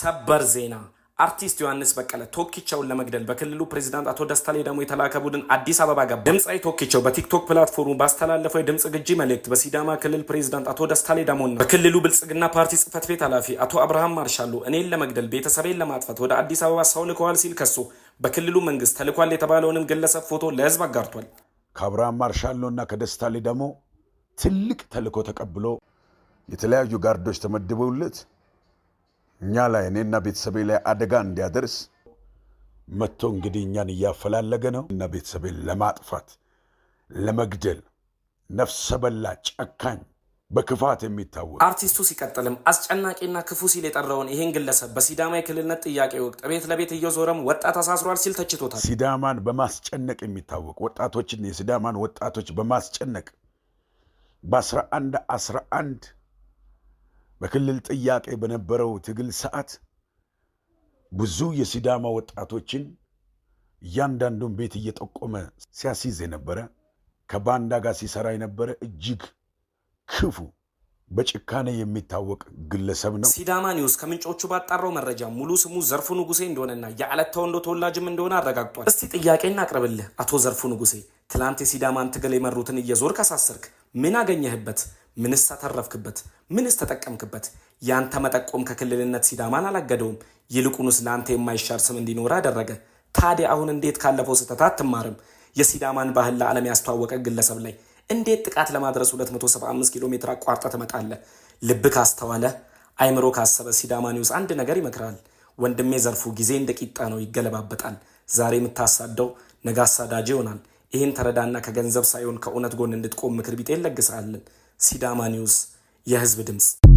ሰበር ዜና አርቲስት ዮሐንስ በቀለ ቶኪቻውን ለመግደል በክልሉ ፕሬዚዳንት አቶ ደስታ ሌዳሞ የተላከ ቡድን አዲስ አበባ ገባ። ድምፃዊ ቶኪቻው በቲክቶክ ፕላትፎርሙ ባስተላለፈው የድምፅ ግጂ መልእክት በሲዳማ ክልል ፕሬዚዳንት አቶ ደስታ ሌዳሞና በክልሉ ብልጽግና ፓርቲ ጽህፈት ቤት ኃላፊ አቶ አብርሃም ማርሻሉ እኔን ለመግደል ቤተሰቤን ለማጥፋት ወደ አዲስ አበባ ሰው ልከዋል ሲል ከሶ በክልሉ መንግስት ተልኳል የተባለውንም ግለሰብ ፎቶ ለህዝብ አጋርቷል። ከአብርሃም ማርሻሉ እና ከደስታ ሌዳሞ ትልቅ ተልኮ ተቀብሎ የተለያዩ ጋርዶች ተመድበውለት እኛ ላይ እኔና ቤተሰቤ ላይ አደጋ እንዲያደርስ መጥቶ እንግዲህ እኛን እያፈላለገ ነው እና ቤተሰቤን ለማጥፋት ለመግደል ነፍሰ በላ ጨካኝ በክፋት የሚታወቅ አርቲስቱ ሲቀጥልም አስጨናቂና ክፉ ሲል የጠራውን ይህን ግለሰብ በሲዳማ የክልልነት ጥያቄ ወቅት ቤት ለቤት እየዞረም ወጣት አሳስሯል ሲል ተችቶታል። ሲዳማን በማስጨነቅ የሚታወቅ ወጣቶችን የሲዳማን ወጣቶች በማስጨነቅ በ11 11 በክልል ጥያቄ በነበረው ትግል ሰዓት ብዙ የሲዳማ ወጣቶችን እያንዳንዱን ቤት እየጠቆመ ሲያስይዝ የነበረ ከባንዳ ጋር ሲሰራ የነበረ እጅግ ክፉ በጭካኔ የሚታወቅ ግለሰብ ነው። ሲዳማ ኒውስ ከምንጮቹ ባጣራው መረጃ ሙሉ ስሙ ዘርፉ ንጉሴ እንደሆነና የአለታ ተወንዶ ተወላጅም እንደሆነ አረጋግጧል። እስቲ ጥያቄ እናቅርብልህ አቶ ዘርፉ ንጉሴ፣ ትላንት የሲዳማን ትግል የመሩትን እየዞር ካሳሰርክ ምን አገኘህበት? ምንስ አተረፍክበት? ምንስ ተጠቀምክበት? ያንተ መጠቆም ከክልልነት ሲዳማን አላገደውም። ይልቁንስ ለአንተ የማይሻር ስም እንዲኖር አደረገ። ታዲያ አሁን እንዴት ካለፈው ስህተት አትማርም? የሲዳማን ባህል ለዓለም ያስተዋወቀ ግለሰብ ላይ እንዴት ጥቃት ለማድረስ 275 ኪሎ ሜትር አቋርጠ ትመጣለ ልብ ካስተዋለ፣ አይምሮ ካሰበ ሲዳማ ኒውስ አንድ ነገር ይመክራል። ወንድሜ ዘርፉ ጊዜ እንደ ቂጣ ነው፣ ይገለባበጣል። ዛሬ የምታሳደው ነገ አሳዳጅ ይሆናል። ይህን ተረዳና ከገንዘብ ሳይሆን ከእውነት ጎን እንድትቆም ምክር ቢጤ ይለግሳለን። ሲዳማ ኒውስ የህዝብ ድምፅ